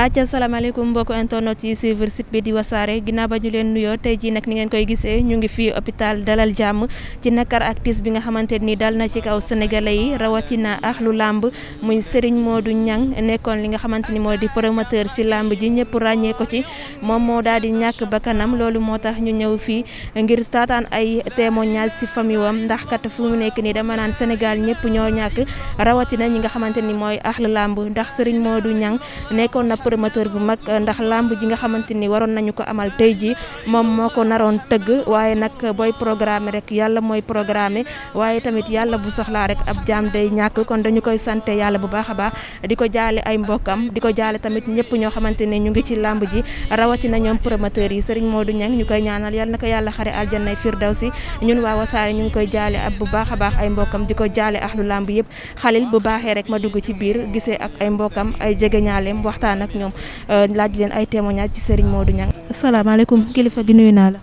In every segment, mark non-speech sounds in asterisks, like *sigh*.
aca salaamaaleykum mbokk internet yi suivre site bi di wasaare ginnaaw ba ñu leen nuyoo tey jii nag ngeen koy gisee ñu ngi fii hôpital dalal jàmm ci nakar ak bi nga xamante ni dal na ci kaw sénégalais yi rawatina axlu làmb muy Serigne Modou Niang nekkoon li nga xamante ni moo di promoteur si làmb ji ñëpp ràññee ci moom moo daal di ñàkk bakkanam loolu moo tax ñu ñëw fii ngir saataan ay témoignage si famille woom ndax kat fu mu nekk nii dama naan Sénégal ñëpp ñoo ñàkk rawatina ñi nga xamante ni mooy axlu làmb ndax Serigne Modou Niang nekkoon na promoteur bu mag ndax lamb ji nga xamante ni waroon nañu ko amal tey ji moom moo ko naroon tëgg waaye nag booy programme rek yàlla mooy programme waaye tamit yàlla bu soxlaa rek ab jaam day ñàkk kon dañu koy sante yàlla bu baax a baax di ko jaale ay mbokkam di ko jaale tamit ñëpp ñoo xamante ne ñu ngi ci lamb ji rawatina ñoom promoteurs yi Serigne Modou Niang ñu koy ñaanal yàlla na ko yàlla xare aljanna firdawsi ñun waa Wassare ñu ngi koy jaale ab bu baax a baax ay mbokkam di ko jaale ahlu lamb yëpp xalil bu baaxee rek ma dugg ci biir gisee ak ay mbokkam ay jegeñaaleem waxtaan ak ñoom euh, laaj leen ay témoignages ci sëriñ moodu Niang. asalaamaaleykum kilifa gi nuyu naa la.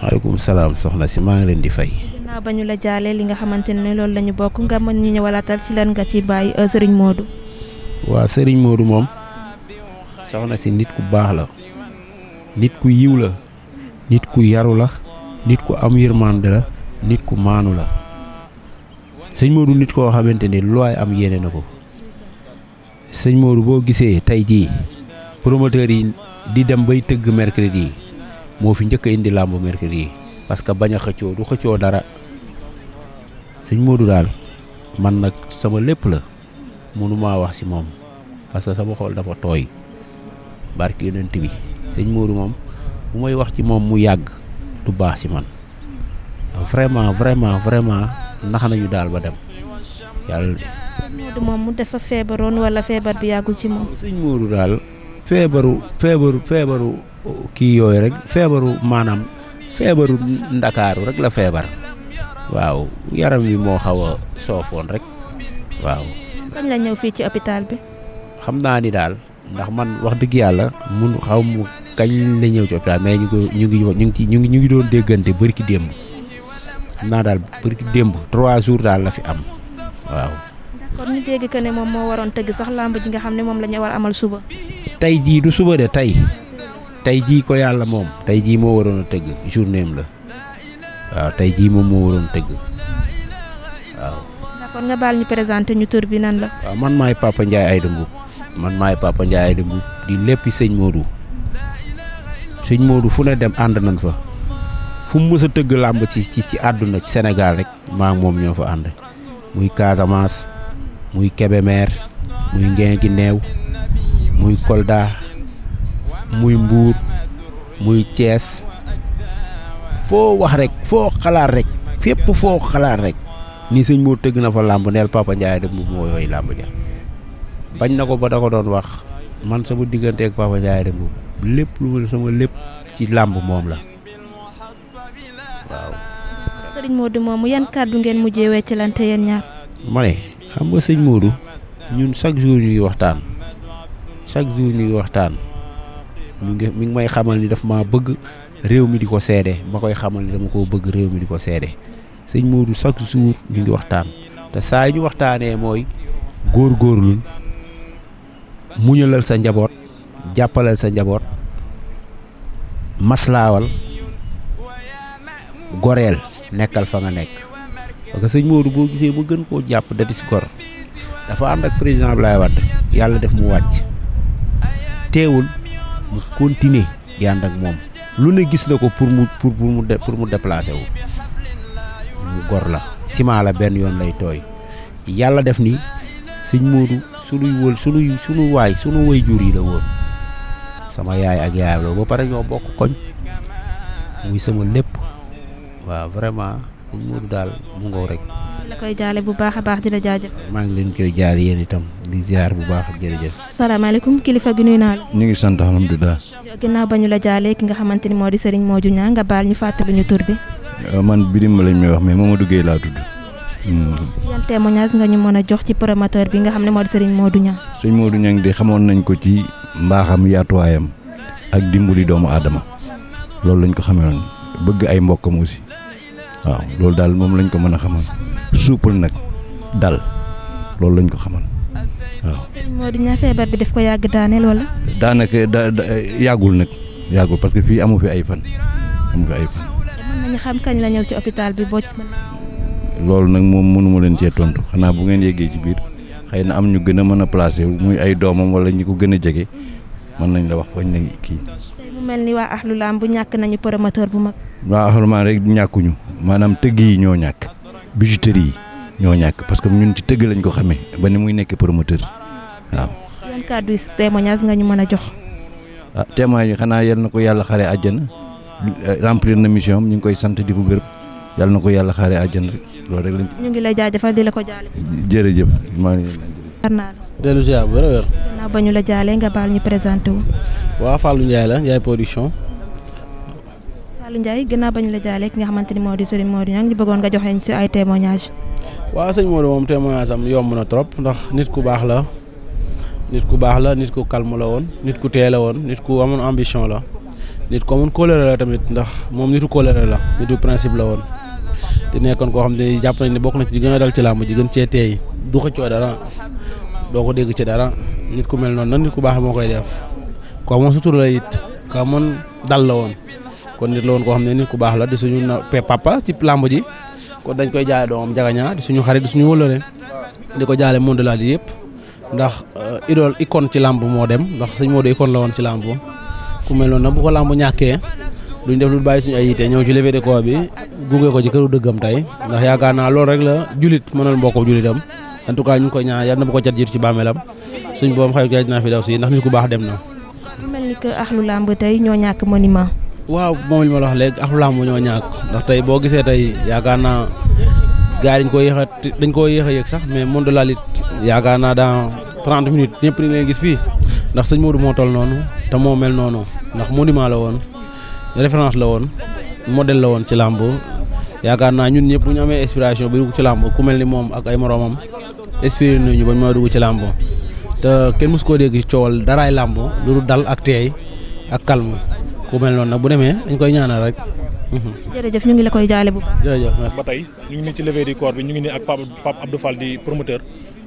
maaleykum salaam soxna si maa ngi leen di fay. ginnaaw ba ñu la jaale li nga xamante ne loolu la ñu bokk nga mën ñu ñëwalatal ci lan nga ci bàyyi euh, Serigne Modou. waaw Serigne moom soxna si nit ku baax la nit ku yiw la nit ku yaru la nit ku am yërmande la nit ku maanu la sëñ Modou nit koo xamante ne lu waay am yeneen na ko sëñ Modou boo gisee tey jii. promoteurs yi di dem bay tëgg mercredi yi moo fi njëkk a indi làmb mercredi yi parce que bañ a xëccoo du xëccoo dara sëñ Modou daal man nag sama lépp la mënumaa wax si moom parce que sama xol dafa tooy barki bi sëñ Modou moom bu may wax ci moom mu yàgg du baax si man vraiment vraiment vraiment nax nañu daal ba dem yàlla. Modou moom mu dafa feebaroon wala feebar bi yàggul ci moom. feebaru feebaru feebaru kii yooyu rek feebaru maanaam feebaru ndakaaru rek la feebar waaw yaram wi moo xaw soofoon rek waaw. kañ la ñëw fii ci hôpital bi. xam naa ni daal ndax man wax dëgg yàlla mun xaw mu kañ la ñëw ci hôpital mais ñu ngi ñu ngi ñu ngi ñu ngi ñu ngi doon déggante bërki démb xam naa daal bërki démb trois jours daal la fi am waaw. dégg que ne moom moo waroon tëgg sax làmb ji nga xam ne moom la ñu amal suba. tey jii du suba tey tey jii ko yàlla moom tey jii moo waroon a tëgg journée am la waaw tey jii moom moo waroon tëgg waaw. kon nga baal ñu présenté ñu tur bi nan la. waaw man maay Papa Ndiaye Aïda Mboup man maay Papa Ndiaye Aïda Mboup di léppi sëñ Modou sëñ moodu fu ne dem ànd nañ fa fu mu mës a tëgg làmb ci ci ci àdduna ci Sénégal rek maa moom ñoo fa ànd muy Casamance. muy Kébémer muy Guinguinéo muy Kolda muy Mbour muy cees foo wax rek foo xalaat rek fépp foo xalaat rek nii sëñ moo tëgg na fa làmb neel Papa Ndiaye de Mbuub moo yooyu làmb ja bañ na ko ba da ko doon wax man sama diggante ak Papa Ndiaye de lépp lu ma sama lépp ci làmb moom la waaw. sëriñ Modou moomu yan kàddu ngeen mujjee weccelante yéen ñaar. ma xam nga sëñ moodu ñun chaque jour ñuy waxtaan chaque jour ñuy waxtaan mu ngi mi ngi may xamal ni dafa ma bëgg réew mi di ko seede ma koy xamal ni dama ko bëgg réew mi di ko seede sëñ Modou chaque jour ñu ngi waxtaan te saa yi ñu waxtaanee mooy góorgóorlul muñalal sa njaboot jàppalal sa njaboot maslaawal goreel nekkal fa nga nekk parce que sëñ Modou boo gisee ma gën koo jàpp da di si gor dafa ànd ak président Abdoulaye Wade yàlla def mu wàcc teewul mu continuer di ànd ak moom lu ne gis na ko pour mu pour mu pour mu déplacer wu mu gor la ciment la benn yoon lay tooy yàlla def ni sëñ Modou sunuy wël sunuy sunu waay sunu woy jur yi la woon sama yaay ak yaayam la ba pare ñoo bokk koñ muy sama lépp waaw vraiment sëñ Modou daal mu ngoo rek. la koy jaale bu baax a baax di la jaajëf. maa ngi leen koy jaale yéen itam di ziar bu baax ak jërëjëf. salaamaaleykum kilifa gi nuyu naa ñu ngi sant alhamdulilah. ginnaaw ba ñu la jaalee ki nga xamante ni moo di Serigne Modou Niang nga baal ñu fàttali ñu tur bi. Euh, man birim lañ may wax mais Mamadou duggee laa tudd. Hmm. yan témoignage nga ñu mën a jox ci promoteur bi nga xam ne moo di Serigne Modou Niang. Sëñ Modou Niang di xamoon nañ ko ci mbaaxam yaatuwaayam ak dimbali doomu aadama loolu lañ ko xamee woon bëgg ay mbokkam aussi waaw loolu daal moom lañ ko mën a xamal suupal nag dal loolu lañ ko xamal waaw. sëñ Modou Niang feebar bi daf ko yàgg daaneel wala. daanaka da yàggul nag yàggul parce que fii amu fi ay fan amu fi ay fan. mën nañu xam kañ la ñëw ci hôpital bi boo ci mën. loolu nag moom mënuma leen cee tontu xanaa bu ngeen yeggee ci biir xëy na am ñu gën a mën a placé muy ay doomam wala ñi ko gën a jege mën nañ la wax bañ na kii. mu mel ni waa Axlu bu ñàkk nañu promoteur bu mag. waa Axlu rek ñàkkuñu maanaam tëgg yi ñoo ñàkk bijouterie yi ñoo ñàkk parce que ñun ci tëgg lañ ko xamee ba ni muy nekkee promoteur waaw. yan kàddu témoignage nga ñu mën a jox. ah yi xanaa yal na ko yàlla xare àjjana remplir na mission am ñu ngi koy sant di ko gërëm yal na ko yàlla xaaree àjjana rek loolu rek lañ. ñu ngi lay jaajëfal di la ko jaale. jërëjëf maa ngi ziar naa la. dellu ziar a wér. ginnaaw ba ñu la jaalee nga baal ñu présenté wu. waaw la Ndiaye production. ba ñu la jaalee xamante ni moo di sëriñ Modou Niang ñu bëggoon nga joxe ci ay témoignages. waaw sëñ Modou moom témoignage am yomb na trop ndax nit ku baax la nit ku baax la nit ku calme woon nit ku teel la woon nit ku amoon ambition la nit ku amoon kóllëre la tamit ndax moom nitu kóllëre la nitu principe la woon. di nekkoon koo xam ne jàpp nañ ne bokk na ci gën a dal ci làmb ji gën teey du xëccoo dara doo ko dégg ci dara nit ku mel noon nag nit ku baax moo koy def ko amoon sutur la it ko amoon dal la woon kon nit la woon koo xam ne nit ku baax la di suñu papa ci làmb ji kon dañ koy jaale doomam jagañaa di suñu xarit di suñu wëllëre di ko jaale monde laa di yëpp ndax euh, idole icône ci làmb moo dem ndax sëñ Modou icône la woon ci làmb ku mel noonu nag bu ko làmb ñàkkee duñ def lu bàyyi suñu ay yite ñëw ci levée koo bi gunge ko ci këru dëggam tey ndax yaakaar naa loolu rek la julit mënal mbokk julitam en tout cas ñu bu ko cat jiitu ci bàmmeelam suñ boom xayu gaaj naa fi daw si ndax nit ku baax dem na mu mel ni que axlu làmb tey ñoo ñàkk monument waaw moom li ma la wax léegi axlu làmb ñoo ñàkk ndax tey boo gisee tey yaakaar naa gars yi dañ koo yéex a dañ koo yéex a yëg sax mais monde de la lutte yaakaar naa dans 30 minutes ñëpp ni leen gis fii ndax sëñ Modou moo toll noonu te moo mel noonu ndax monument la woon référence la woon modèle la woon ci làmb yaakaar naa ñun ñëpp bu ñu amee inspiration ci làmb ku mel ni moom ak ay moroomam inspiré nañu bañ maa dugg ci làmbo te kenn mës koo dégg coowal daraay làmbo lu dal ak teey ak calme ku mel noonu nag bu demee dañ koy ñaanal rek. Mhm. jërëjëf ñu ngi la koy jaale bu baax. jërëjëf ba tey ñu ngi nii ci levée du bi ñu ngi nii ak Pape Pape Abdou Fall di promoteur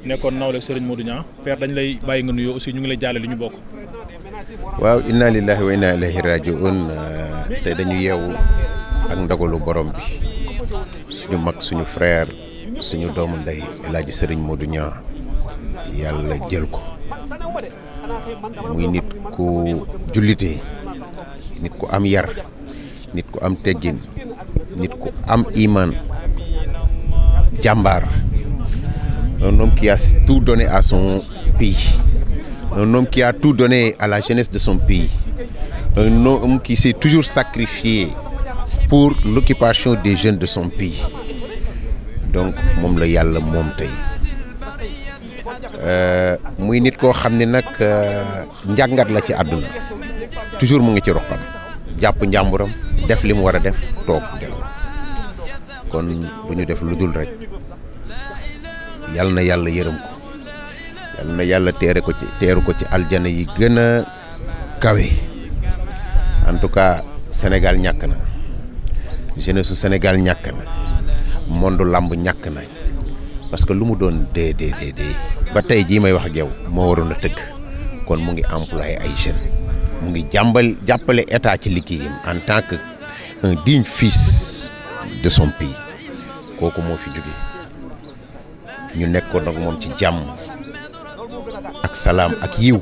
nekkoon nawle Serigne Modou Niang père dañ lay bàyyi nga nuyoo aussi ñu ngi lay jaale li ñu bokk. waaw inna lillahi naa inna ilayhi rajiun te dañu yeewu ak ndogalu borom bi suñu mag suñu frère. suñu doomu ndey El Hadj Serigne Modou Niang yàlla jël ko muy nit ku jullite nit ku am yar nit ku am teggin nit ku am iman jàmbaar un homme qui a tout donné à son pays un homme qui a tout donné à la jeunesse de son pays un homme qui s'est toujours sacrifié pour l'occupation des jeunes de son pays donc moom la yàlla moom tey euh, muy nit koo xam ni nag euh, njàngat la ci àdduna toujours mu ngi ci roqam jàpp njàmburam def li mu war a def toog kon bu ñu def lu dul rek yàlla na yàlla yërëm ko yàlla na yàlla teere ko ci teeru ko ci aljana yi gën a kawe en tout cas Sénégal ñàkk na jeunesse su Sénégal ñàkk na monde làmb ñàkk na parce que lu mu doon dee dee dee ba tey jii may wax ak moo waroon a tëgg kon mu ngi employé ay jeunes mu ngi jàmbal jàppale état ci liggéeyam en tant que un digne fils de sompi kooku moo fi jóge ñu nekkoon nag moom ci jàmm ak salaam ak yiw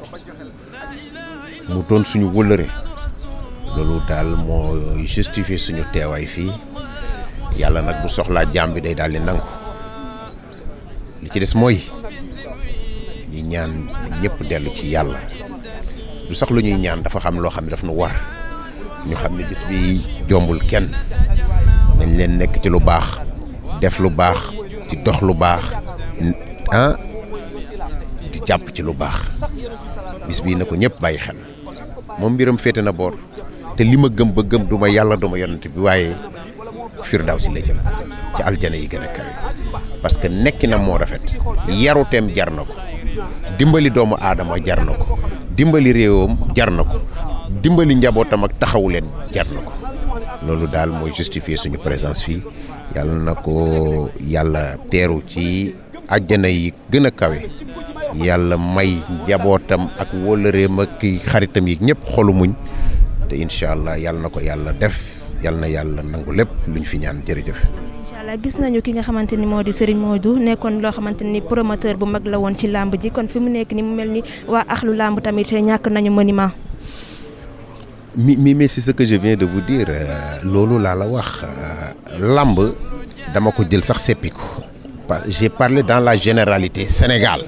mu doon suñu wëlëre loolu daal moo justifier suñu teewaay fii yàlla nag bu soxlaa jaam bi day daal di nangu li ci des mooy ñu ñaan ñëpp dellu ci yàlla lu sax ñuy ñaan dafa xam loo xam ne daf nu war ñu xam ne bis bi jombul kenn dañ leen nekk ci lu baax def lu baax ci dox lu baax ah di jàpp ci lu baax bis bii na ko ñëpp bàyyi xel moom mbiram féete na boor te li ma gëm ba gëm du yàlla du ma bi waaye firdaw si la jëm ci aljana yi gën kawe parce que nekki na moo rafet yaruteem jar na ko dimbali doomu aadama jar na ko dimbali réewam jar na ko dimbali njabootam ak taxawu leen jar na ko loolu daal mooy justifier suñu présence fii yàlla na ko yàlla teeru ci àjjana yi gën a kawe yàlla may njabootam ak wóllëreem ak xaritam yi ñëpp xolu muñ te incha allah yàlla na ko yàlla def yal na yàlla nangu lépp lu ñu fi ñaan jërëjëf. incha allah gis nañu ki nga xamante ni moo di Serigne Modou nekkoon loo xamante ni promoteur bu mag la woon ci làmb ji kon fi mu nekk ni mu mel ni waa axlu làmb tamit te ñàkk nañu monument. mi mi mais c'est ce que je viens de vous dire euh, loolu laa la wax euh, làmb dama ko jël sax seppi ko j'ai parlé dans la généralité Sénégal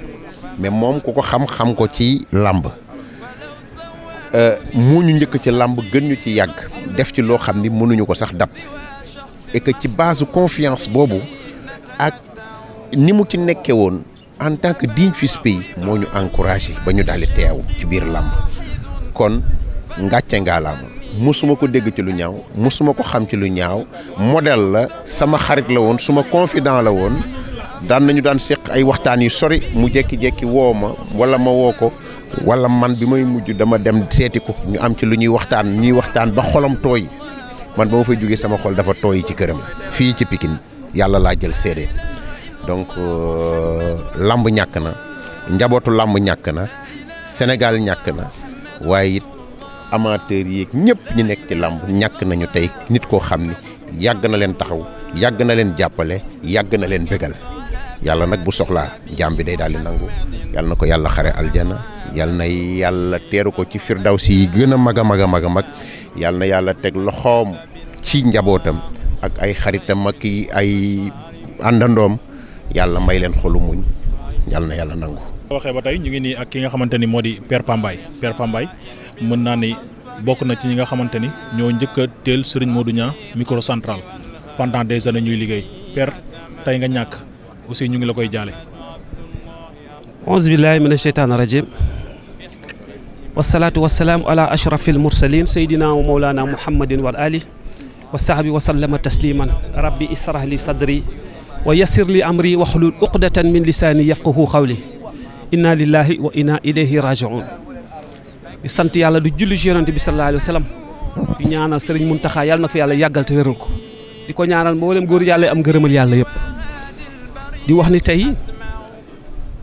mais moom ku ko xam xam ko ci làmb. Euh, moo ñu njëkk ci làmb gën ñu ci yàgg def ci loo xam ni mënuñu ko sax dab et que ci base confiance boobu ak ni mu ci nekkee woon en tant que digne fils pays moo ñu encouragé ba ñu daal di teew ci biir làmb kon ngàcce ngaalaama mosuma ko dégg ci lu ñaaw mosuma ko xam ci lu ñaaw modèle la sama xarit la woon suma confident la woon daan nañu daan seq ay waxtaan yu sori mu jekki-jekki woo ma wala ma woo ko wala man bi may mujj dama dem seeti ko ñu am ci lu ñuy waxtaan ñuy waxtaan ba xolam tooy man ba ma fay jógee sama xol dafa tooy ci këram fii ci pikin yàlla laa jël seede donc euh, làmb ñàkk na njabootu làmb ñàkk na Sénégal ñàkk na waaye it amateurs yeeg ñëpp ñu nekk ci làmb ñàkk nañu tey nit koo xam ni yàgg na leen taxaw yàgg na leen jàppale yàgg na leen bégal yàlla nag bu soxlaa jaam bi day daal di nangu yàlla na ko yàlla xare aljana yàlla na yàlla teeru ko ci firdawsi yi gën a mag a mag a mag mag yàlla na yàlla teg loxoom ci njabootam ak ay xaritam ak ay àndandoom yàlla may leen xolu muñ yàlla na yàlla nangu. waxee ba tey ñu ngi nii ak ki nga xamante ni moo di Père Pambaay Père Pambaay mën naa ni bokk na ci ñi nga xamante ni ñoo njëkk a teel Serigne Modou Niang micro central pendant des années ñuy liggéey Père tey nga ñàkk. aussi ñu ngi la koy jaale auzu billahi mina sheytaani rajim wasalaatu wasalaamu ala ashrafil mursalin saydina wa mawlana muhammadin wa ali wa sahbi wa sallama tasliman rabbi israh sadri wa yassir li amri waxlul uqdatan min lisaani yafqahu xawli inna lillahi wa inna ilayhi rajiun di sant yàlla du julli ci yonante bi sallallahu alayhi wa sallam di ñaanal sëriñ Muntaxa yàlla yàggal te wéral di ko ñaanal mboolem góor yàlla am ngërëmal yàlla yëpp di wax ni tey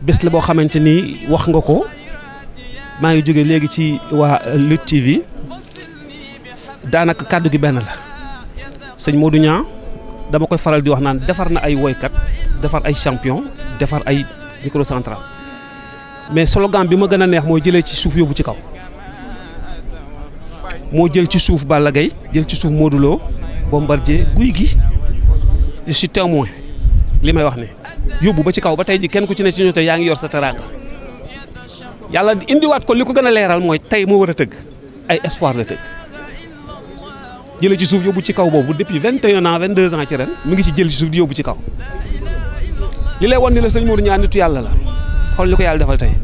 bés la boo xamante ni wax nga ko maa ngi jóge léegi ci waa Lutte TV daanaka kàddu gi benn la sëñ Modou Niang dama koy faral di wax naan defar na ay woykat defar ay champion defar ay micro mais slogan bi ma gën a neex mooy jëlee ci suuf yóbbu ci kaw moo jël ci suuf Balla gay jël ci suuf Modou Lo Bombardier Gouye Gui je suis li may wax ne yóbbu ba ci kaw ba tey ji kenn ku ci ne ci ñoom tey yaa ngi yor sa teraanga yàlla indiwaat ko li ko gën a leeral mooy tey moo war a tëgg ay espoir la tëgg jële ci suuf yóbbu ci kaw boobu depuis vingt et un ans vingt deux ans ci ren mu ngi ci jël ci suuf di yóbbu ci kaw li lay wan ni la sëñ Modou Niang nitu yàlla la xool li ko yàlla defal tey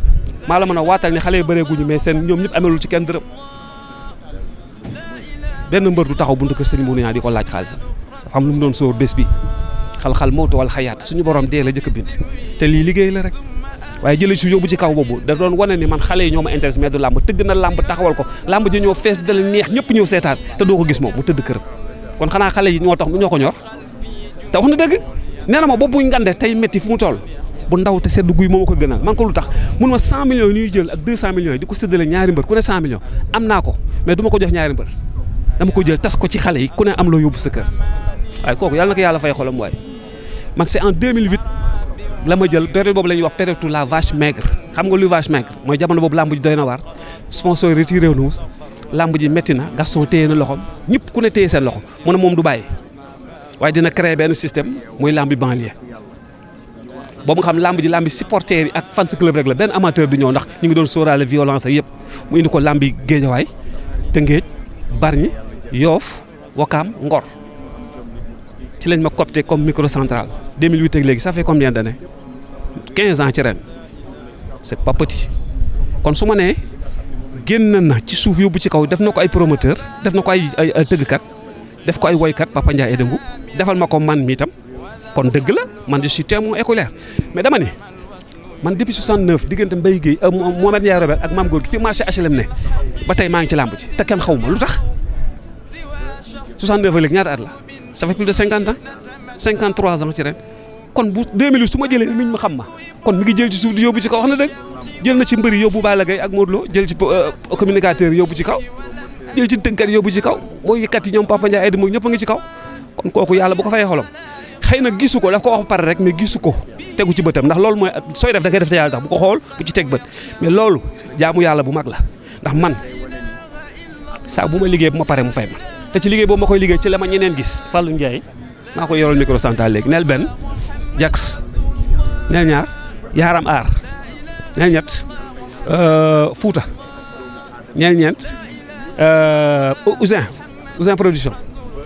maa la mën a waatal ni xale yi bëreeguñu mais seen ñoom ñëpp amelul ci kenn dërëm benn mbër du taxaw buntu kër di ko laaj xaalisam dafa am mu doon sóor bés bi xal-xal mawtu wal xayaat suñu borom dee la jëkk bind te lii liggéey la rek waaye jëlee si yóbbu ci kaw boobu da doon wane ni man xale yi ñoo ma intéresse mais du làmb tëgg na làmb taxawal ko làmb ji ñoo fees dal neex ñëpp ñëw seetaan te doo ko gis moom mu tëdd këram kon xanaa xale yi ñoo tax ñoo ko ñor te wax na dëgg nee na boobu ngande tey métti fu mu toll bu ndaw te sedd guy mooma ko gënal man ko lu tax mun ma 100 millions yi ñuy jël ko séddale ñaari mbër ku ne 100 millions am ko mais du tas ko ci xale yi ku ne am loo yóbbu sa waaye kooku yàlla na ko yàlla fay xolam waay man c'est en mille la lama jël période boobu la wax période la vache maigre xam nga luy vache maigre mooy jamono boobu lamb ji doy na waar sponsor retiré wu làmb ji métti na Gaston téye na loxom ñëpp ku ne téye seen loxo mu na moom du bàyyi waaye dina créer benn système muy làmbi banlieue ba mu xam làmb ji làmbi supporter yi ak fans club rek la benn amateur du ñëw ndax ñu ngi doon sóoraale violence yëpp mu indi ko làmbi géejawaay Tëngéej Bargny Yoof Wakaam Ngor ci lañ ma coopté comme microcentral 2008 ak léegi ça fait combien ne 15 ans ci ren c'est pas kon su ma nee génn na ci suuf yóbbu ci kaw def na ko ay promoteur def na ko ay ay tëggkat def ko ay woykat Papa Ndiaye Edembu defal ma ko man mi tam kon dëgg la man je suis témoin oculaire mais dama ne man depuis 69 diggante Mbaye Guèye euh, Mohamed Ndiaye Robert ak Mame Gorgui fi marché HLM ne ba tey maa ngi ci làmb ci te kenn xaw ma lu tax. 69 léegi ñaata at la ça fait plus de 50 ans 53 ans ci ren kon bu 2008 su ma jëlee nit ma xam ma kon mu ngi jël ci suuf di yóbbu ci kaw wax na dëgg jël na ci mbëri yóbbu baa Gaye ak Modou Lo jël ci euh, communicateur yóbbu ci kaw jël ci tënkat yóbbu ci kaw mooy yëkkat yi ñoom Papa Ndiaye Aïda moom ñëpp a ngi ci kaw kon kooku yàlla bu ko fayee xolam xëy na gisu ko daf ko wax pare rek mais gisu ko tegu ci bëtam ndax loolu mooy sooy def da def te yàlla tax xool bu ci teg bët mais loolu jaamu yàlla bu mag la ndax man saa bu ma liggéey bu ma pare mu fay te ci liggéey boobu ma koy liggéey ci la ma ñeneen gis Fallou Ndiaye maa koy yoral micro central léegi neel benn Jax neel ñaar Yaram Aar neel ñett euh, Fouta neel ñeent euh, Ousin Ousin production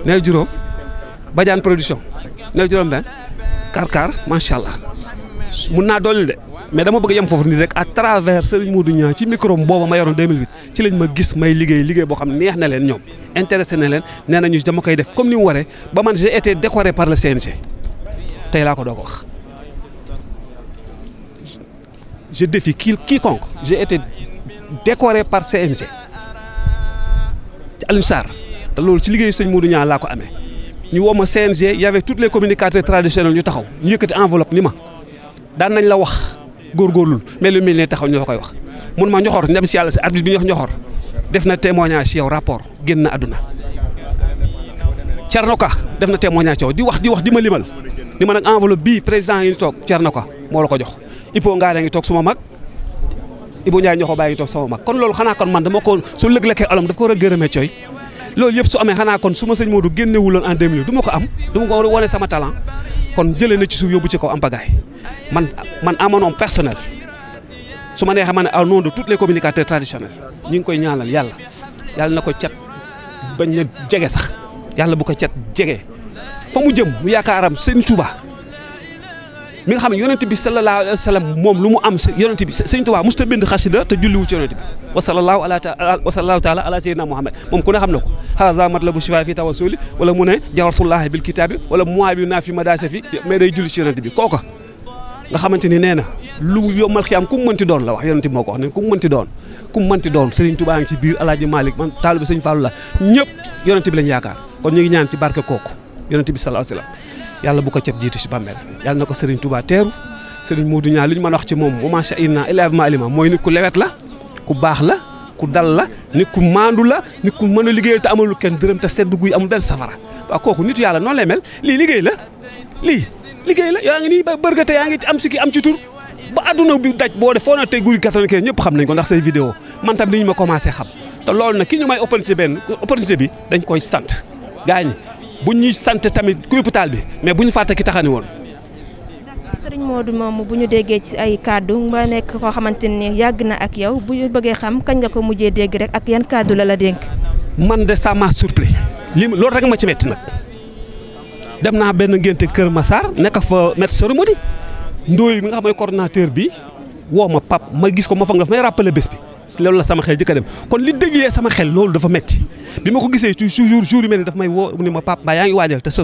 neel juróom Badiane production neel juróom benn Karkar macha allah mun naa dolli de. mais dama bëgg yem foofu nii rek à travers Serigne Modou Niang ci micro booba ma yoroon ci lañ ma gis may liggéey liggéey boo xam neex na leen ñoom intéressé na leen neena nañu dama koy def comme ni mu waree ba man j'ai été décoré par le CNG tey laa ko doog wax. je défie qui décoré par CNG ci te loolu ci liggéeyu sëñ Modou Niang laa ko amee ñu woo ma CNG y avait tous les communicateurs traditionnels ñu taxaw ñu yëkkati enveloppe ni ma daan nañ la wax. góor góorgóorlul mel lu mel ne taxaw ñoo koy wax mun ma ñoxor ndem si yàlla si arbitre bi ñu wax def na témoignage si yow rapport génn adduna àdduna Thierno def na témoignage ci yow di wax di wax di ma limal ni ma nag enveloppe bii président yi ngi toog Thierno Ka moo la ko jox Ipo Ngaare ngi toog suma mag Ibou Ndiaye ñoxo bàyyi ngi toog sama mag kon loolu xanaa kon man dama ko su lëg-lekkee alam daf ko war a gërëmee cooy loolu yëpp su amee xanaa kon su ma sëñ Modou génnewuloon en 2000 du ma ko am du ma ko wane sama talent kon jëlee na ci suuf yóbbu ci kaw am pagaay man man à mon nom personnel su ma neexee ma ne aw nom de tous les communicateur traditionnels ñu ngi koy ñaanal yàlla yàlla na ko cat bañ na jege sax yàlla bu ko cat jege fa mu jëm mu yaakaaram seen Tuubaa mi xam ne yonent bi sallallahu moom lu mu am yonent bi sëñ Tuubaa bi wa sallallahu ala wa muhammad moom ku ne xam na ko haza matlabu shifa fi tawassuli wala mu ne jawartullahi bil kitaabi wala muwaabi naa fi madasa fi mais day julli ci yonent bi kooka nga xamante ni nee na lu yombal xiyaam ku mu mënti doon la wax yonent bi moo ko wax ne ku doon ku mu mënti biir alaaji Malick man taalibe sëñ Fallou la ñëpp yonent bi lañ yaakaar kon ñu ngi ñaan ci barke kooku yonent bi sallallahu alayhi yàlla bu ko cet jiitu si bàmmeel yàlla na ko Serigne Touba teeru Serigne Modou Niang li ñu mën a wax ci moom ma sha Allah illaa alima mooy nit ku lewet la ku baax la ku dal la nit ku maandu la nit ku mën a liggéeyal te amalu kenn dërëm te sedd guy amul benn safara waaw kooku nit yàlla noonu lay mel lii liggéey la lii liggéey la yaa ngi nii ba bërgate yaa ngi am si ki am ci tur ba adduna bi daj boo de foo na te guy 95 ñëpp xam nañ ko ndax say vidéo man tam ñu ma commencé xam te loolu nag ki ñu may opportunité benn opportunité bi dañ koy sant gaañ bu ñuy sant tamit ku hôpital bi mais bu ñu fàtte ki taxani woon. sëriñ Modou moom bu ñu déggee ci ay kàddu ma nekk koo xamante ni yàgg na ak yow bu ñu bëggee xam kañ nga ko mujjee dégg rek ak yan kàddu la la dénk. man de ça m'a surpris loolu rek ma ci metti nag dem naa benn ngénte Kër Massar nekk fa maître cérémonie ndooy mi nga xam ne coordonnateur bi woo ma pap ma gis ko ma foog daf may rappelé bés bi. loolu la sama xel jëkk a kon li dévier sama xel loolu dafa metti bi ma ko gisee toujours jour yu mel ni daf may woo mu ne ma Pape Mbaye yaa ngi waajal te ce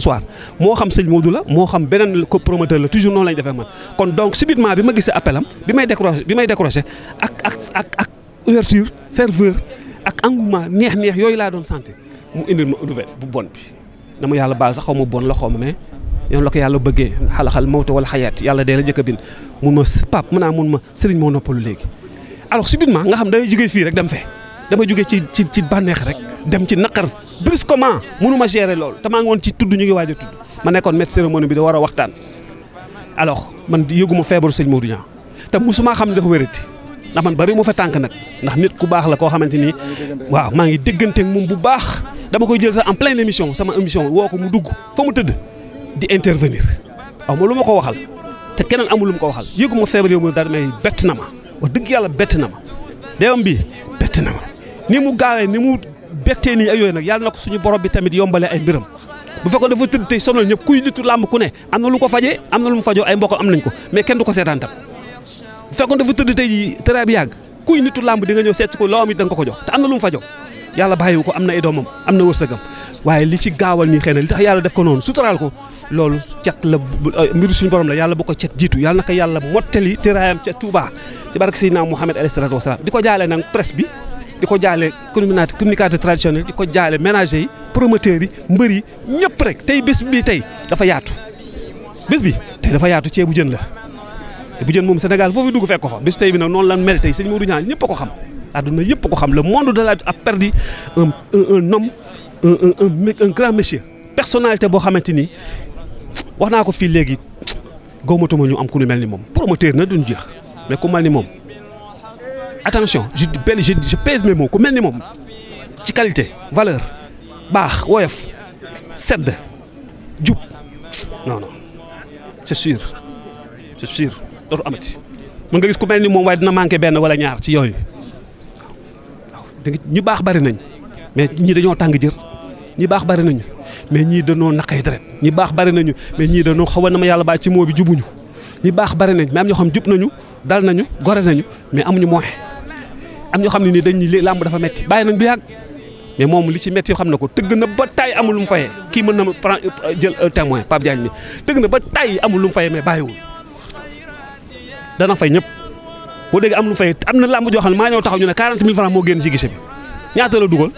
moo xam sëñ Modou la moo xam beneen ko promoteur la toujours noonu la defee man kon donc subitement bi ma gisee appel am bi may décroché bi may ak ak ak ak ouverture ferveur ak engouement neex-neex yooyu laa doon santé mu indil ma nouvelle bu bon bi na ma yàlla baal sax xaw ma bon la xaw ma mais yoon la ko yàlla bëggee xalaxal mawta wala xayaat yàlla dee la jëkk a bind mun ma Pape naa mun ma sëriñ moo noppalu léegi alors subitement nga xam day jóge fii rek dem fee dama jóge ci ci ci bànneex rek dem ci naqar brusquement mënu ma gérer loolu te maa ngi woon ci tudd ñu ngi waaj a tudd ma nekkoon maître cérémonie bi da war a waxtaan. alors man yëguma feebaru sëñ moo Niang te mu suma xam ne dafa wérati ndax man bari mu fa tànk nag ndax nit ku baax la koo xamante ni waaw maa ngi dégganteeg moom bu baax dama koy jël sax en pleine émission sama émission woo ko mu dugg foo mu tëdd di intervenir aw lu ma ko waxal te keneen amul lu ko waxal yëguma feebar yow mooy daal may bett na ma. wax dëgg yàlla bett na ma deewam bi bett na ma ni mu gaawee ni mu bettee nii ay yooy nag yàlla na ko suñu borom bi tamit yombalee ay mbiram bu fekkoon dafa tëdd tey sonal ñëpp kuy nitu làmb ku ne am na lu ko fajee am na lu mu fajoo ay mbokk am nañ ko mais kenn du ko seetaan tam bu fekkoon dafa tëdd tey jii tëraay bi yàgg kuy nitu làmb di nga ñëw seet ko loo am it da nga ko ko jox te am na lu mu fajoo yàlla bàyyiwu ko am na ay doomam am na wërsëgam waaye li ci gaawal nii xëy na li tax yàlla def ko noonu suturaal ko loolu cet la mbiru yàlla bu ko cet jiitu yàlla naka yàlla mottali tëraayam ca Touba ci barke Seydina Mouhamed alayhi salaatu wasalaam di ko jaale nag presse bi di ko jaale communicateur traditionnel di ko jaale ménager yi promoteurs yi mbër yi ñëpp rek tey bés bi tey dafa yaatu bés bi tey dafa yaatu ceebu jën la ceebu jën moom Sénégal foofu dugg fekk ko fa bés tey bi nag noonu lan mel tey sëñ Modou Niang ñëpp a ko xam àdduna yëpp a ko xam le monde de a perdu un un homme un boo xamante ni wax naa ko fii léegi gawmatuma ñu am ku ñu ni moom promoteur na duñ jeex. mais ku mel ni moom attention je benn je je pèse mes mots ku mel ni moom ci qualité valeur baax woyof sedd jub non non c'est sûr c'est sûr dootu amati mën nga gis ku mel ni moom waaye dina manqué benn wala ñaar ci yooyu waaw ñu baax bari nañ mais ñii dañoo tàng jër ñi baax bari nañu mais ñii dañoo naqay deret ñi baax bari nañu mais ñii dañoo xaw a na ma yàlla baal ci moo bi jubuñu. ñi baax bari nañ mais am ñoo xam jub nañu dal nañu gore nañu mais amuñu moyen am ñoo xam ne nii dañ ñu làmb dafa metti bàyyi nañ bi yàgg mais moom li ci metti yoo xam ne ko tëgg na ba tay amul lu mu fayee kii mën na ma euh, jël euh, témoin Pape Diagne mi na ba tay amul lu mu fayee mais bàyyiwul dana fay ñëpp boo déggee am lu mu fayee am na làmb joo xam ne maa ñëw taxaw ñu ne 40 000 francs moo génn ci gise bi ñaata la dugal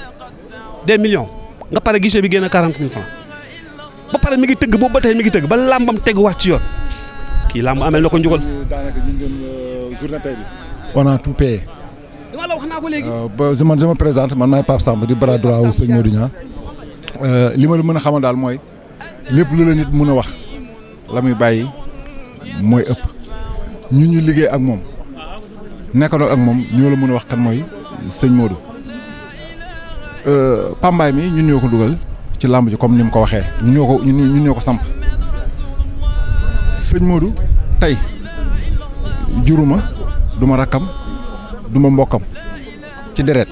des millions nga pare gise bi génn 40 000 francs ba pare mi ngi tëgg boobu ba tey mi ngi tëgg ba làmbam teguwaat ci yoon. kii làmb amel na ko ñu doon euh, journée tey bi. Euh, ba je man je man maay Pape Samb di bras droit wu euh, li ma la mën a xamal daal mooy lépp lu la nit mën a wax la muy bàyyi mooy ëpp ñun ñu liggéey ak moom nekkandoo ak moom ñoo la mën a wax kan mooy sëñ Modou Pambaay mi ñun ñoo ko dugal ci làmb ji comme ni mu ko waxee ñun ñoo ko ñun ñoo ko samp sëñ Modou tey juruma du ma rakkam du ma mbokkam ci deret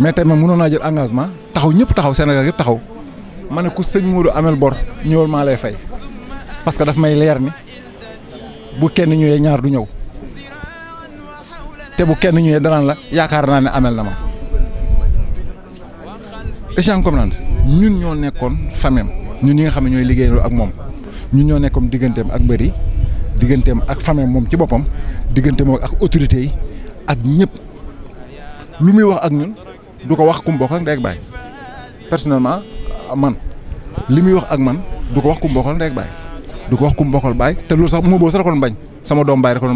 mais tey man mënoon naa jël engagement taxaw ñëpp taxaw Sénégal yëpp taxaw ma ne ku sëñ Modou amel bor ñëwal maa lay fay parce que daf may leer ni bu kenn ñëwee ñaar du ñëw te bu kenn ñëwee danaan la yaakaar naa ne ameel na ma échange comprendre ñun ñoo nekkoon famem ñun ñi nga xam ne ñooy liggéeyaloo ak moom ñun ñoo nekkoon digganteem ak mbër yi digganteem ak famille moom ci boppam digganteem ak autorité yi ak ñëpp lu muy wax ak ñun du ko wax ku mu bokk ak ndey ak baay personnellement man li muy wax ak man du ko wax ku mu bokkal ndey ak baay du ko wax ku mu bokkal baay te loolu sax moo boobu sax da ko bañ sama doom baay da ko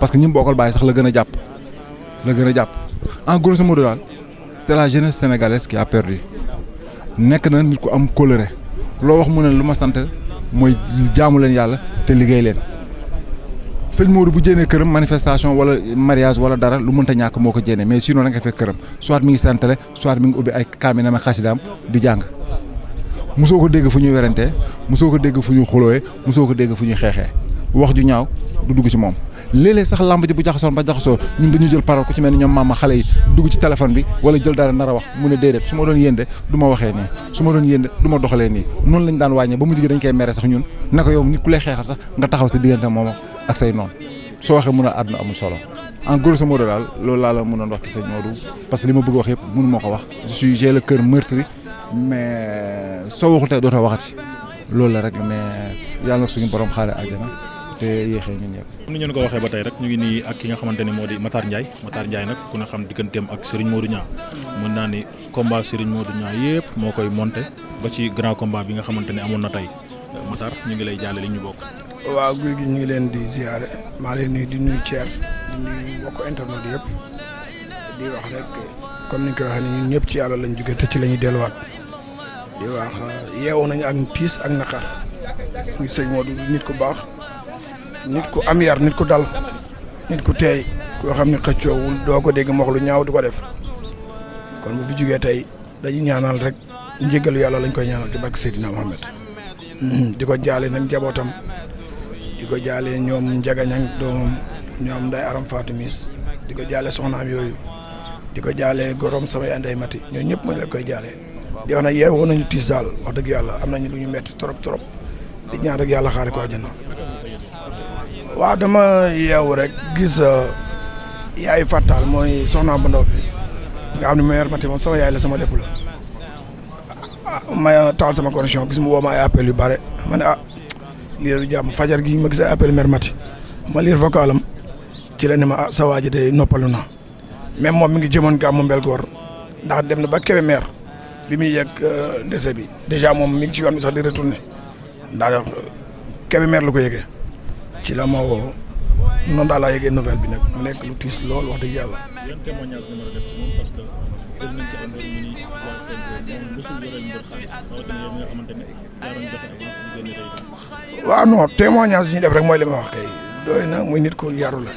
parce que ñi mu bokkal baay sax la gën a jàpp la gën a jàpp en grosso modo daal c'est la jeunesse sénégalaise qui a perdu nekk na nit ku am colère loo wax mu ne lu ma sant mooy jaamu leen yàlla te liggéey leen. sëñ Modou bu jéenee këram manifestation wala mariage wala dara lu mënta ñàkk moo ko jéenee mais sinon da nga fekk këram soit mi ngi santale soit mi ngi ubbi ay kaamina ma xasidaam di jàng musoo ko dégg fu ñuy werantee mosoo ko dégg fu ñuy xulooyee musoo ko dégg fu ñuy xeexee wax ju ñaaw du dugg ci moom léeg-léeg sax lamb ji bu jaxasoon ba jaxasoo ñun dañuy jël parole ku ci mel ni ñoom ma xale yi dugg ci téléphone bi wala jël dara nar a wax mu ne déedéet su ma doon yéende du ma waxee nii su ma doon yéende du ma doxalee nii noonu lañ daan wàññee ba mu jigee dañ koy mere sax ñun na ko yow nit ku lay xeexal sax nga taxaw sa diggante moom ak say noonu soo waxee mun a àdduna amul solo en grosso modo daal loolu laa la mënoon wax ci sëñ Modou parce que li ma bëgg wax yëpp ko wax je suis j'ai le cœur meurtri mais soo waxul loolu la rek mais yàlla na suñu borom xaare àjjana te yéexee ñun ñëpp ni ñu ko waxee ba tey rek ñu ngi nii ak ki nga xamante ni moo di Matar Ndiaye Matar Ndiaye nag ku ne xam digganteem ak Serigne Modou ñaa mën naa ni combat Serigne du Niang yëpp moo koy monté ba ci grand combat bi nga xamante ne amoon na tey Matar ñu ngi lay jàlle li ñu bokk waaw guy gi ñu ngi leen di ziare maa leen nuyu di nuyu Thier di nuyu mbokk internet yëpp di wax rek kon ni ñu koy waxee ni ñun ñëpp ci yàlla lañ jóge te ci la ñuy delluwaat di wax yeewu nañu ak tiis ak naqar muy ku baax nit ku am yar nit ku dal nit ku teey koo xam ne xëccoowul doo ko dégg wax lu ñaaw du ko def kon bu fi jugee tey dañu ñaanal rek njëgalu yàlla lañ koy ñaanal ci barke Seydina Mohamed *clears throat* di ko jaalee nag njabootam di ko jaale ñoom njagañang doomam ñoom nday aram fatumis di ko jaale soxnaam yooyu di ko jaale gorom samay anday mati ñoo ñëpp ma la koy jaale di wax nag yeewoon nañu tiis daal wax dëgg yàlla am nañu lu ñu metti trop trop di ñaan rek yàlla xaare ko àjjana waaw dama yeewu rek gis euh, yaay Fatal mooy soxna bu ndaw bi nga xam ne maire Mati moom sama yaay la sama lépp la ma taal sama connexion gis mu woo appel yu bare ma ne ah lii lu jàmm fajar gi ma gis appel maire Mati ma lire vocal am ci la ma ah sa waa ji de noppalu na même moom mi ngi jëmoon gàmmu Mbelgoor ndax dem na ba Kébé maire bi muy yegg euh, décès bi dèjà moom mi ngi ci yoon bi sax di retourné ndax euh, Kébé maire la ko yëgee. ci la ma woo noonu daal laa bi nag nekk lool wax dëgg yàlla. def parce que gën nañ ci am def rek mooy la ma wax kay doy na muy nit ko yaru la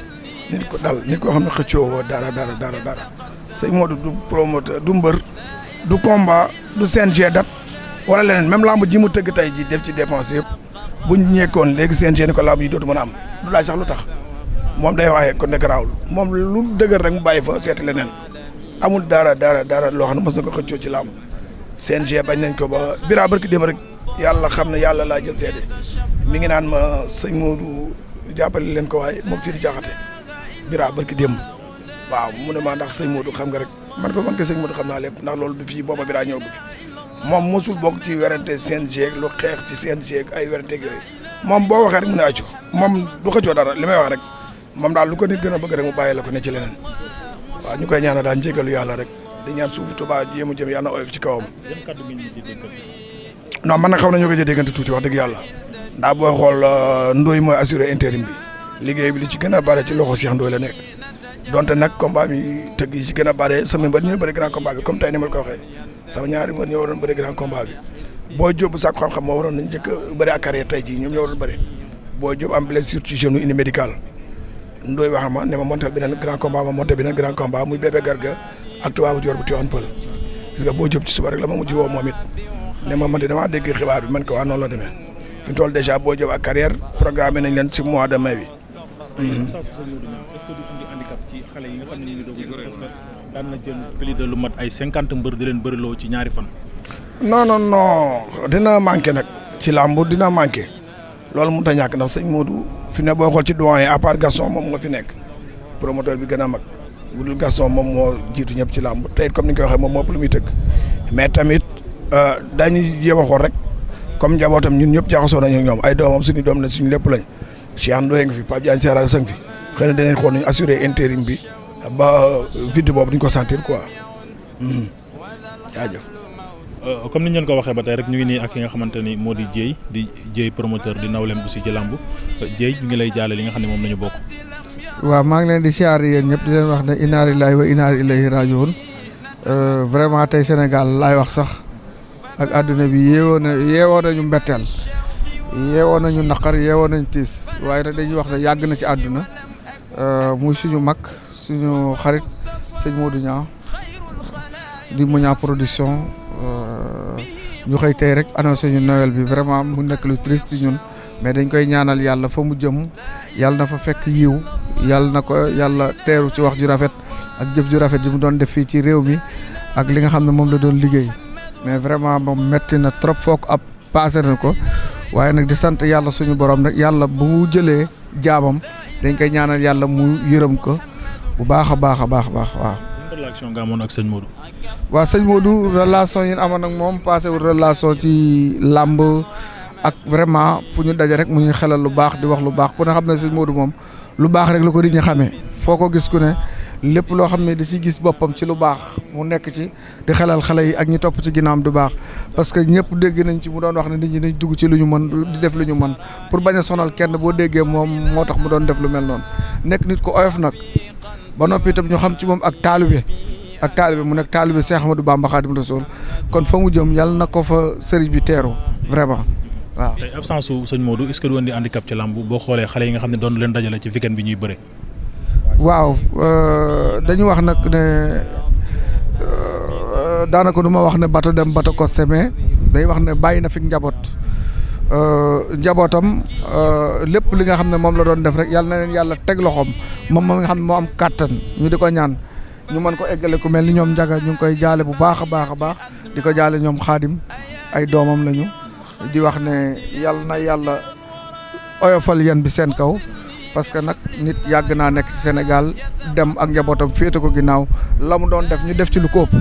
nit ko dal nit koo xam ne xëccoo woo dara dara dara dara sëñ Modou du promoteur du mbër du combat du CNG dat wala leneen même lamb ji mu tëgg tey ji def ci dépense yëpp. buñ ñekkoon léegi CNG ni ko làmb yi dootu mën a am du laaj sax lu tax moom day waxee kon ne garaawul moom lu dëgër rek mu bàyyi fa seeti leneen amul dara dara dara loo xam ne mos na ko xëccoo ci làmb CNG bañ nañ ko ba bira barki dem rek yàlla xam ne yàlla laa jël seede mi ngi naan ma sëñ Modou jàppale leen ko moom si di jaxate bira barki démb waaw mu ne ma ndax sëñ Modou xam nga rek man ko man ko sëñ Modou loolu du fii booba bira ñëw gu moom mosul bokk ci werante CNG lu xeex ci CNG ay werante yooyu moom boo waxee rek mu ne moom du xëccoo dara li may wax rek moom daal lu ko nit gën a bëgg rek mu bàyyi la ko ne ci leneen waaw ñu koy ñaanal daal njégalu yàlla rek di ñaan suufu Tuubaa jéem a jëm yàlla na oyof ci kawam. non man na xaw na nañu ko jël déggante tuuti wax dëgg yàlla ndax boo xool euh, Ndoye mooy assuré intérim bi liggéey bi li ci gën a bare ci loxo Cheikh Ndoye la nekk donte nag combat bi tëgg yi ci gën a bare semaine ba ñu bëri grand combat comme ni ma ko waxee sama ñaari mbër ñoo waroon bëri grand combat bi boo jóob sàkku xam-xam moo waroon nañ njëkk a bëri ak carrière tey ji ñoom ñoo waroon bëri boo jóob am blessure ci genou uni médical ndooy wax ma ne ma monté beneen grand combat ma monté beneen grand combat muy bébé garga ak tubaabu joor bu tiwaan pël gis nga boo jóob ci suba rek la ma mujj woo moom it ne ma man de damaa dégg xibaar bi man ko waa noonu la demee fi mu toll dèjà boo jóob ak carrière programmé nañ leen ci mois de mai bi. daan na jël plus de lu mat ay cinquante mbër di leen bëriloo ci ñaari fan. non non noo dina manqué nag. ci làmb dina manqué. loolu mënut ta ñàkk ndax sëñ moo fi ne boo xool ci doyen à part Gaston moom nga fi nekk promoteur bi gën a mag bu dul Gaston moom moo jiitu ñëpp ci làmb tey it comme ni nga ko waxee moom moo ëpp lu muy tëgg mais tamit euh, dañuy jéem a xool rek comme njabootam ñun ñëpp jaaxasoo nañu ak ñoom ay doomam suñu doom la suñu lépp lañ Cheikh Ndoye nga fi Pape Diagne Serra sang fi bi. ba vide boobu duñ ko sentir quoi hmm. jaajëf. Euh, comme ni ñu ko waxee ba tey rek ñu ngi nii ak ki nga xamante ni moo di Dieye di Dieye promoteur di nawleem aussi ci làmb euh, Dieye ñu ngi lay jaale li nga xam ne moom la ñu bokk. waa maa ngi leen di siyaar yéen ñëpp di leen wax ne inna lillahi wa inna ilayhi rajiun euh, vraiment tey Sénégal laay wax sax ak àdduna bi yeewoo na yeewoo nañu mbetteel yeewoo nañu naqar yeewoo nañu tiis waaye nag dañuy wax ne yàgg na ci àdduna muy suñu mag. suñu xarit sëñ Modou Niang di Mouniang production euh, ñu xëy tey rek annoncé ñu Noël bi vraiment mu nekk lu triste ñun mais dañ koy ñaanal yàlla fa mu jëm yàlla na fa fekk yiw yàlla na ko yàlla teeru ci wax ju rafet ak jëf ju rafet ji mu doon def fii ci réew mi ak li nga xam ne moom la doon liggéey mais vraiment moom metti na trop foog ab passé na ko waaye nag di sant yàlla suñu borom nag yàlla bu jëlee jaamam dañ koy ñaanal yàlla mu yërëm ko bu baax a baax a baax baax waaw. relation nga amoon ak sëñ Modou. waaw sëñ Modou relation yi amoon nag moom passé wul relation ci làmb ak vraiment fu ñu daje rek mu ñuy xelal lu baax di wax lu baax ku ne xam ne sëñ Modou moom lu baax rek la ko di ñu xamee foo ko gis ku ne. lépp loo xam ne di si gis boppam ci lu baax mu nekk ci di xelal xale yi ak ñi topp ci ginnaawam du baax parce que ñëpp dégg nañ ci mu doon wax ne nit ñi nañ dugg ci lu ñu mën di def lu ñu mën pour baña sonal kenn boo déggee moom moo tax mu doon def lu mel noonu nekk nit ko oyof nag ba noppi itam ñu xam ci moom ak taalibe ak bi mu nekk taalibe Cheikh Ahmadou Bamba Khadim Rasoul kon fa mu jëm yàlla na ko fa sëriñ bi teeru vraiment waaw. tey sëñ Modou est-ce que du woon di handicap ci boo xoolee xale yi nga xam ne doon leen dajale ci weekend bi ñuy bëre. waaw euh, dañu wax nag ne euh, daanaka du wax ne bata dem bato ko semé day wax ne bàyyi na fi njaboot. Euh, njabootam euh, lépp li nga xam ne moom la doon def rek yàlla na leen yàlla teg loxoom moom moom nga xam ne moo am kàttan ñu di ko ñaan ñu mën ko eggale ku mel ni ñoom njaga ñu ngi koy jaale bu baax a baax a baax di ko jaale ñoom xaadim ay doomam lañu di wax ne yàlla na yàlla oyofal yan bi seen kaw parce que nag nit yàgg naa nekk ci Sénégal dem ak njabootam féete ko ginnaaw la mu doon def ñu def ci lu ko ëpp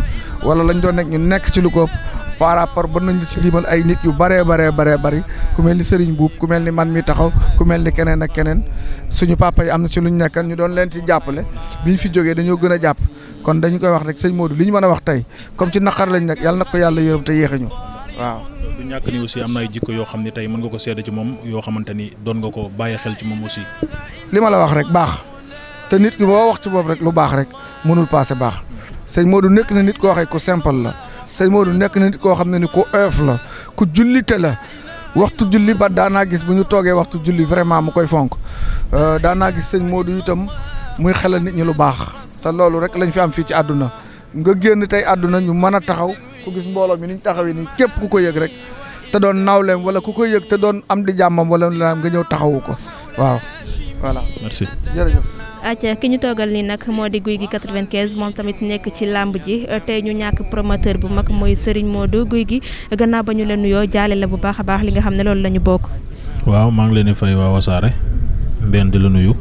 wala lañ doon nekk ñu nekk ci lu ko ëpp par rapport ba nañ ci limal ay nit yu baree baree baree bari ku mel ni Serigne Boub ku mel ni man mii taxaw ku mel ni keneen ak keneen suñu papa yi am na ci luñ nekkan ñu doon leen ci jàppale ñu fi jógee dañoo gën a jàpp kon dañu koy wax rek sëñ Modou li ñu mën a wax tey comme ci naqar lañ nekk yàlla na yàlla yërëm te yéexe ñu waaw du ñàkk ni aussi am na ay jikko yoo xam ne tey mën nga ko seede ci moom yoo xamante ni doon nga ko bàyyi xel ci moom aussi. li ma la wax rek baax te nit ki boo wax ci boobu rek lu baax rek mënul paase baax sëñ Modou nekk na nit koo xam ne ku simple la sëñ Modou nekk na nit koo xam ne ni ku oyof la ku jullite la. waxtu julli ba daanaa gis bu ñu toogee waxtu julli vraiment mu koy fonk euh, daanaa gis sëñ Modou itam muy xelal nit ñi lu baax te loolu rek lañ fi am fii ci àdduna nga génn tey àdduna ñu mën a taxaw ku gis mbooloo mi ni ñu taxawee nii képp ku ko yëg rek te doon nawleem wala ku ko yëg te doon am di jàmmam wala nga ñëw taxawu ko waaw voilà. merci jërëjëf. acca ki ñu toogal nii nag moo di guy gi 95 moom tamit nekk ci làmb ji euh, tey ñu ñàkk promoteur bu mag mooy moo Modou guy gi gannaaw ba ñu la nuyoo jaale la bu baax a baax li nga xam ne loolu la bokk. waaw maa ngi leen di fay a wasaare mbenn di la nuyu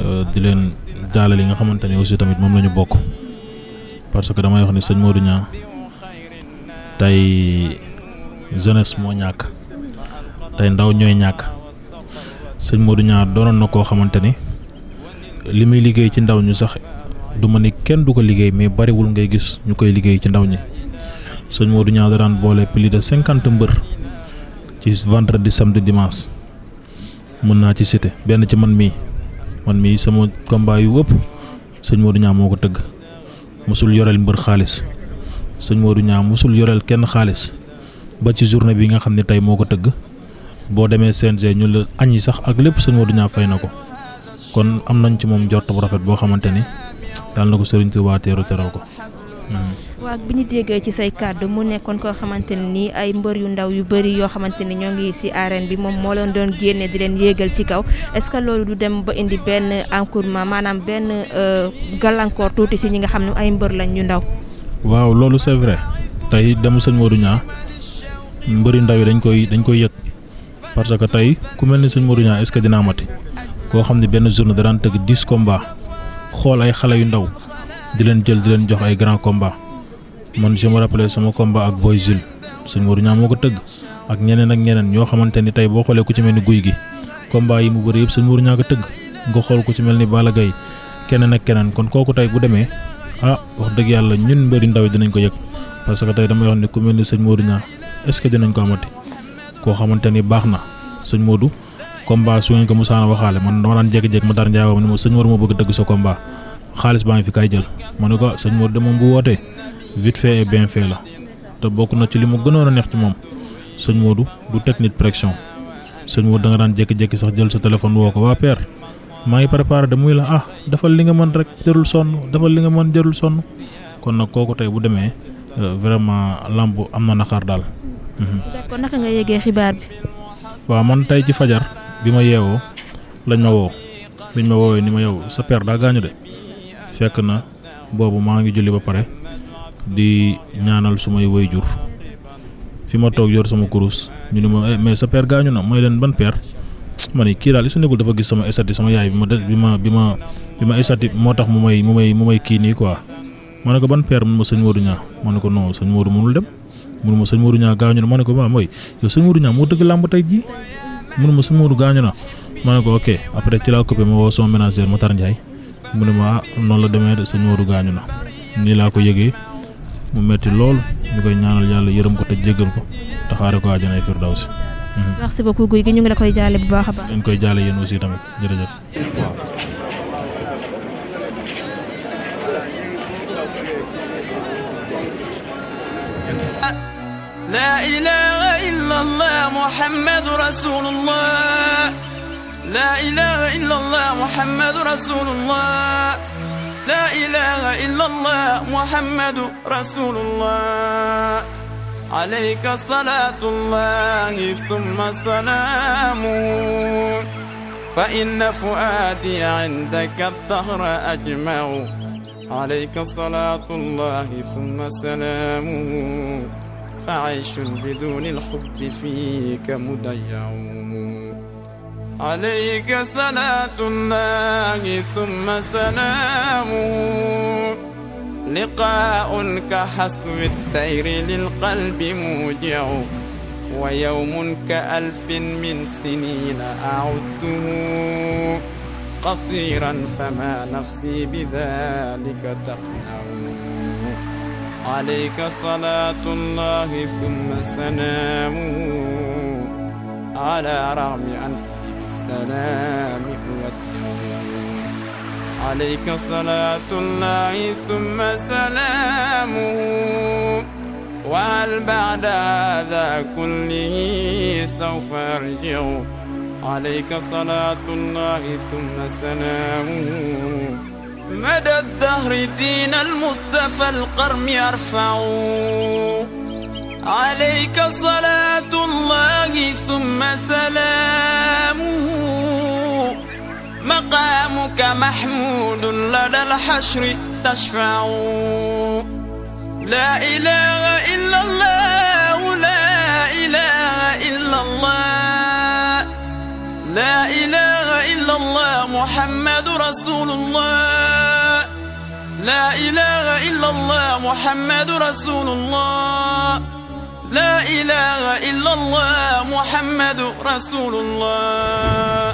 euh, di leen jaale li nga xamante ne aussi tamit moom ñu bokk. parce que damay wax ni sëñ Modou Niang tey jeunesse moo ñàkk tey ndaw ñooy ñàkk sëñ Modou ñaar doonoon na koo xamante ni li muy liggéey ci ndaw ñu sax duma ma ni kenn du ko liggéey mais bariwul ngay gis ñu koy liggéey ci ndaw ñi sëñ Modou Niang da daan boole plus de cinquante mbër ci vendredi samedi dimanche mën naa ci cité benn ci man mii man mii sama combat yu ëpp sëñ Modou Niang moo ko tëgg. mosul yoreel mbër xaalis sëñ Modou Niang mosul yoreel kenn xaalis ba ci journée bi nga xam ne tey moo ko tëgg boo demee CNG ñu la añ yi sax ak lépp sëñ Modou Niang fay na ko kon am nañ ci moom njort bu rafet boo xamante ni daal na ko sëriñ Tuubaa teeru teral ko. Hmm. waaw bi ñu déggee ci say kàdd mu nekkoon koo xamante ne nii ay mbër yu ndaw yu bëri yoo xamante ni ñoo ngi si arène bi moom moo leen doon génne di leen yéegal ci kaw est-ce que loolu du dem ba indi benn encouragement maanaam benn euh, gàllankoor tuuti ci ñi nga xam ne ay mbër lañ ñu ndaw. waaw loolu c'est vrai tey dem sëñ Modou Niang mbëri ndaw yi dañ koy dañ koy yëg parce que tey ku mel ni sëñ Modou Niang est-ce que dina amati koo xam ne benn journée daraan tëgg dix combats xale yu ndaw di leen jël di leen jox ay grand man je me rappelle sama combat ak Boy Jules sëñ Modou Niang moo ko tëgg ak ñeneen ak ñeneen ñoo xamante ni tey boo xoolee ku ci mel ni guy gi combat yi mu bëri yëpp sëñ Modou Niang ko tëgg nga xool ku ci mel ni Balla Gaye keneen ak keneen kon kooku tey bu demee ah wax dëgg yàlla ñun mbëri ndaw yi dinañ ko yëg parce que tey dama wax ni ku mel ni sëñ Modou Niang est-ce que dinañ ko amati koo xamante ni baax na sëñ moodu combat su ngeen ko musaana waxaale man dama daan jékki-jékki ma tar Ndiaye wax ne ma sëñ Modou moo a tëgg sa combat xaalis baa ngi vite fait et fait la te bokk na ci li mu gënoon a neex ci moom sëñ moodu du teg nit pression sëñ Modou da nga daan jékki-jékki sax jël sa téléphone woo ko waa Père maa ngi préparé de muy la ah defal li nga mën rek jarul sonn defal li nga mën jarul sonn kon nag kooku tey bu demee euh, vraiment làmb am na naqar daal. d'accord mhm. xibaar bi. waaw man tey ci fajar bi ma yeewoo lañ ma woo biñ ma woowee ni ma yow sa père daa gaañu de fekk na boobu maa ngi julli ba pare. di ñaanal sumay wayjur fi ma toog yor sama kurus ñu ne ma eh, sa père gaañu na mooy leen ban père ma ne kii daal li su nekkul dafa gis sama estati sama yaay bi ma bi ma bi ma ma estati moo tax mu may mu may kii nii quoi ma ne ko ban père mun ma sëñ Modou Niang ma ne ko non sëñ Modou mënul dem mun ma sëñ Modou Niang gaañu na ma ne ko waaw mooy yow sëñ Modou Niang moo dëgg làmb tey jii mun ma sëñ Modou gaañu na ma ne ko ok après ci laa coupé ma woo son ménagère Matar Ndiaye mu ne ma ah noonu la demee de sëñ Modou gaañu na nii laa ko yëgee. mu metti lool ñu koy ñaanal yàlla yërëm ko te jéggal ko taxaare ko àjjanay firdawsi. Mhm. merci beaucoup Gouy Gui ñu ngi bu baax a baax. koy jaale yéen aussi tamit jërëjëf. laa ilaaha illallah Muhammadu rasuulullah laa ilaaha illallah لا إله إلا الله محمد رسول الله عليك صلاة الله ثم السلام فإن فؤادي عندك الدهر أجمع عليك صلاة الله ثم سلام فعيش بدون الحب فيك مضيع عليك صلاة الله ثم سلامه لقاء كحسب الطير للقلب موجع ويوم كألف من سنين أعده قصيرا فما نفسي بذلك تقنع عليك صلاة الله ثم سلامه على رغم أنفسك المنام والدهور عليك صلاة الله ثم سلامه وهل بعد هذا كله سوف أرجع عليك صلاة الله ثم سلامه مدى الدهر دين المصطفى القرم يرفع عليك صلاة الله ثم سلامه مقامك محمود لدى الحشر تشفع لا إله إلا الله لا إله إلا الله لا إله إلا الله محمد رسول الله لا إله إلا الله محمد رسول الله لا إله إلا الله محمد رسول الله